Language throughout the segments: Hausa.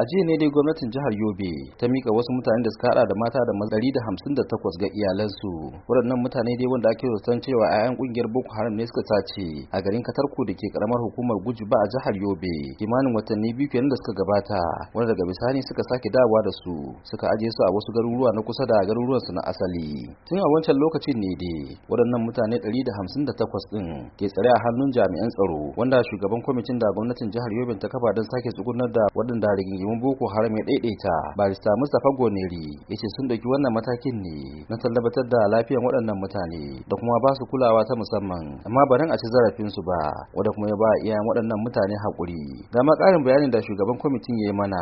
a jiya ne dai gwamnatin jihar yobe ta mika wasu mutane da suka hada da mata da mazari da hamsin da takwas ga iyalansu waɗannan mutane dai wanda ake zaton cewa 'ya'yan kungiyar boko haram ne suka sace a garin katarko da ke karamar hukumar guji ba a jihar yobe kimanin watanni biyu kenan da suka gabata wanda daga bisani suka sake dawowa da su suka ajiye su a wasu garuruwa na kusa da garuruwan su na asali tun a wancan lokacin ne dai waɗannan mutane ɗari da da hamsin takwas ɗin ke tsare a hannun jami'an tsaro wanda shugaban kwamitin da gwamnatin jihar yobe ta kafa don sake tsugunar da waɗanda rigingimu domin boko haram ya daidaita barista mustapha goneri ya ce sun dauki wannan matakin ne na tallabatar da lafiyar waɗannan mutane da kuma ba su kulawa ta musamman amma barin a ci zarafinsu ba wanda kuma ya ba iyayen waɗannan mutane haƙuri ga ma ƙarin bayanin da shugaban kwamitin ya yi mana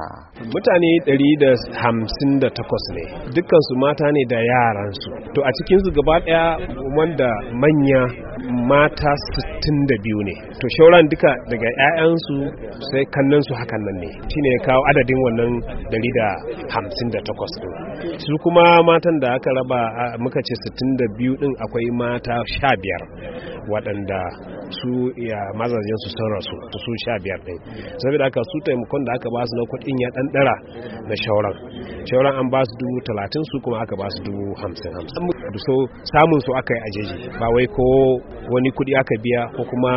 mutane 158 ne dukkansu mata ne da yaransu to a cikin su gaba ɗaya wanda manya mata 62 ne to shauran duka daga 'ya'yansu sai kannan su hakan nan ne shine ya kawo adadin wannan 158 din su kuma matan da aka raba muka ce 62 din akwai mata 15 waɗanda su ya mazajen su sun rasu su 15 din saboda haka su taimakon da aka ba su na kuɗin ya ɗanɗara na shauran shauran an ba su 30 su kuma aka ba su 50 50 takardu so samun su aka yi a jeji ba wai ko wani kuɗi aka biya ko kuma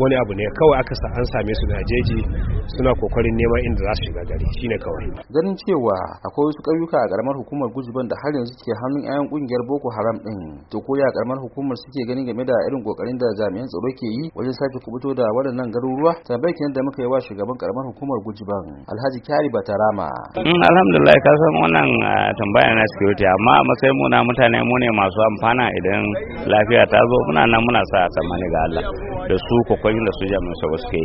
wani abu ne kawai aka sa an same su na jeji suna kokarin neman inda za su shiga gari ne kawai ganin cewa akwai wasu ƙauyuka a karamar hukumar guzuban da har yanzu ke hannun 'ya'yan ƙungiyar boko haram din to ko ya karamar hukumar suke ganin game da irin kokarin da jami'an tsaro ke yi wajen sake kubuto da waɗannan garuruwa tambayar kenan da muka yi wa shugaban karamar hukumar gujiban alhaji kyari batarama mm, alhamdulillah ka san wannan ah, tambaya na security amma a matsayin mu na mutane mu ne masu amfana idan lafiya ta zo muna nan muna sa tsammani ga Allah da su kokarin da su jami'an sa suke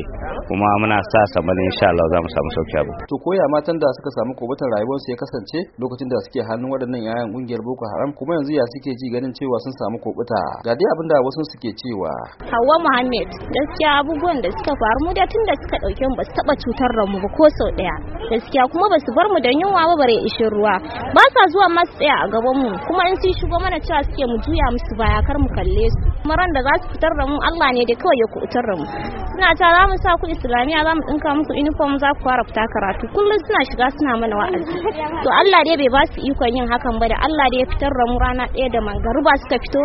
kuma muna sa tsammani insha Allah za mu samu sauki abu to koya matan da suka samu rayuwar su ya kasance lokacin da suke hannun waɗannan yayan ƙungiyar Boko Haram kuma yanzu ya suke ji ganin cewa sun samu kubuta ga dai abinda wasu suke cewa Hawwa Muhammad gaskiya abubuwan da suka faru mu da tun da suka dauke mu ba su taba cutar mu ba ko sau daya gaskiya kuma ba su bar mu da yunwa ba bare ishin ruwa ba sa zuwa masu tsaya a gaban mu kuma in sun shigo mana cewa suke mu juya musu baya kar mu kalle su kuma ran da za su fitar da mu Allah ne da kawai ya kubutar da mu suna ta za mu sa ku islamiya za mu dinka musu uniform za ku fara fita karatu kullum suna shiga suna mana wa'azi to Allah dai bai ba su ikon yin hakan ba da Allah dai ya fitar da mu rana ɗaya da mangaruba suka fito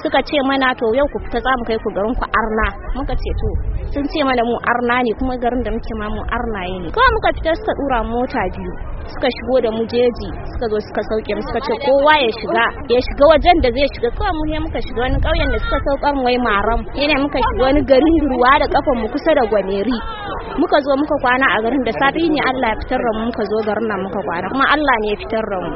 suka ce mana to yau ku fita za mu kai ku garin ku arna muka ce to sun ce mana mu arna ne kuma garin da muke ma mu arna ne kuma muka fita suka dura mota biyu suka shigo da mu jeji suka zo suka sauke mu suka ce kowa ya shiga ya shiga wajen da zai shiga kawai mu ne muka shiga wani ƙauyen da suka saukar mu wai maram yana muka shiga wani garin ruwa da kafan mu kusa da gwaneri muka zo muka kwana a garin da safi ne Allah ya fitar da mu muka zo garin nan muka kwana kuma Allah ne ya fitar da mu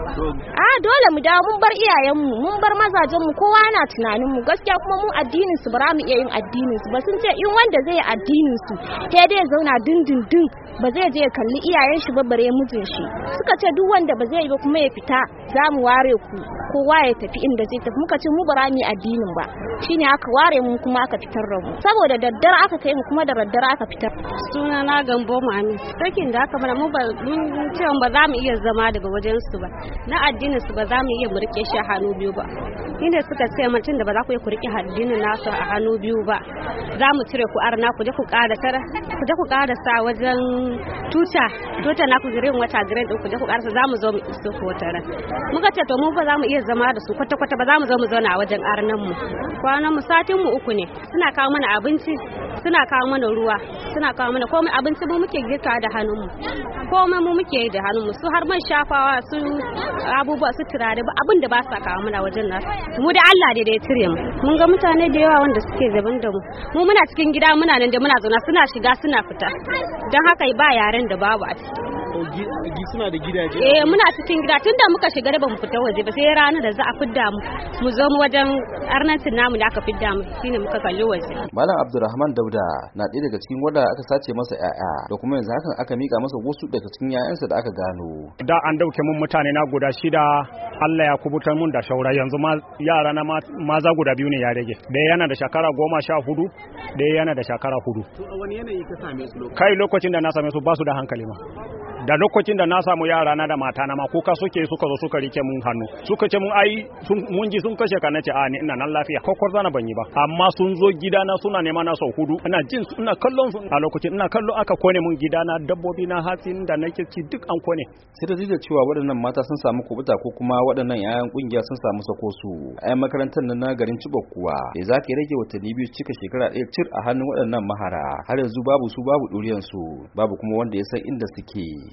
a dole mu dawo mun bar iyayen mu mun bar mazajen mu kowa na tunanin mu gaskiya kuma mu addinin su ba mu iya yin addinin su ba sun ce in wanda zai addinin su sai dai zauna dindindin ba zai je kalli iyayen shi ba bare mijin shi suka ce duk wanda ba zai yi ba kuma ya fita za mu ware ku kowa ya tafi inda zai tafi muka ce mu bara mu addinin ba shine aka ware mu kuma aka fitar da mu saboda daddare aka kai mu kuma da daddare aka fitar suna na gambo mu amin sakin da aka mana mu ba mun ce ba za mu iya zama daga wajen su ba na addinin su ba za mu iya mu rike shi a hannu biyu ba inda suka ce mutum da ba za ku iya ku rike addinin nasu a hannu biyu ba za mu cire ku arna ku je ku ƙara ku je ku sa wajen tuta tuta na ku girin wata girin din ku je ku karasa zamu zo mu iso ku wata ran muka ce to mu ba za mu iya zama da su kwata kwata ba za mu zo mu zauna a wajen arnan mu kwanan mu satin mu uku ne suna kawo mana abinci suna kawo mana ruwa suna kawo mana komai abinci mu muke girka da hannunmu komai mu muke da hannunmu su har man shafawa su abubuwa su turare ba abin da ba sa kawo mana wajen na mu da Allah da ya cire mu mun ga mutane da yawa wanda suke zaban da mu mu muna cikin gida muna nan da muna zauna suna shiga suna fita don haka ba yaren da babu a ciki suna da gidaje eh muna cikin gida tunda muka shiga ba mu fita waje ba sai ranar da za a fidda mu mu zo mu wajen arnancin namu da aka fidda mu shine muka kalli waje malam abdurrahman dauda na ɗaya daga cikin wanda aka sace masa yaya da kuma yanzu hakan aka mika masa wasu daga cikin yayansa da aka gano da an dauke mun mutane na guda shida Allah ya kubutar mun da shaura yanzu ma yara na maza guda biyu ne ya rage da yana da shekara goma sha hudu da yana da shekara hudu kai lokacin da na same su ba su da hankali ma da lokacin da na samu yara na da mata na ma kuka suke suka zo suka rike mun hannu suka ce mun ai mun ji sun kashe ka na ce a ni ina nan lafiya kokor zana ban yi ba amma sun zo gidana suna nema na sau hudu ina jin ina kallon su a lokacin ina kallo aka kone mun gidana dabbobi na hatsin da nake ci duk an kone sai da da cewa waɗannan mata sun samu kubuta ko kuma waɗannan 'ya'yan kungiya sun samu sako su 'yan makarantar nan na garin Cibok kuwa da za ka rage watanni biyu cika shekara ɗaya cir a hannun waɗannan mahara har yanzu babu su babu ɗuriyansu babu kuma wanda ya san inda suke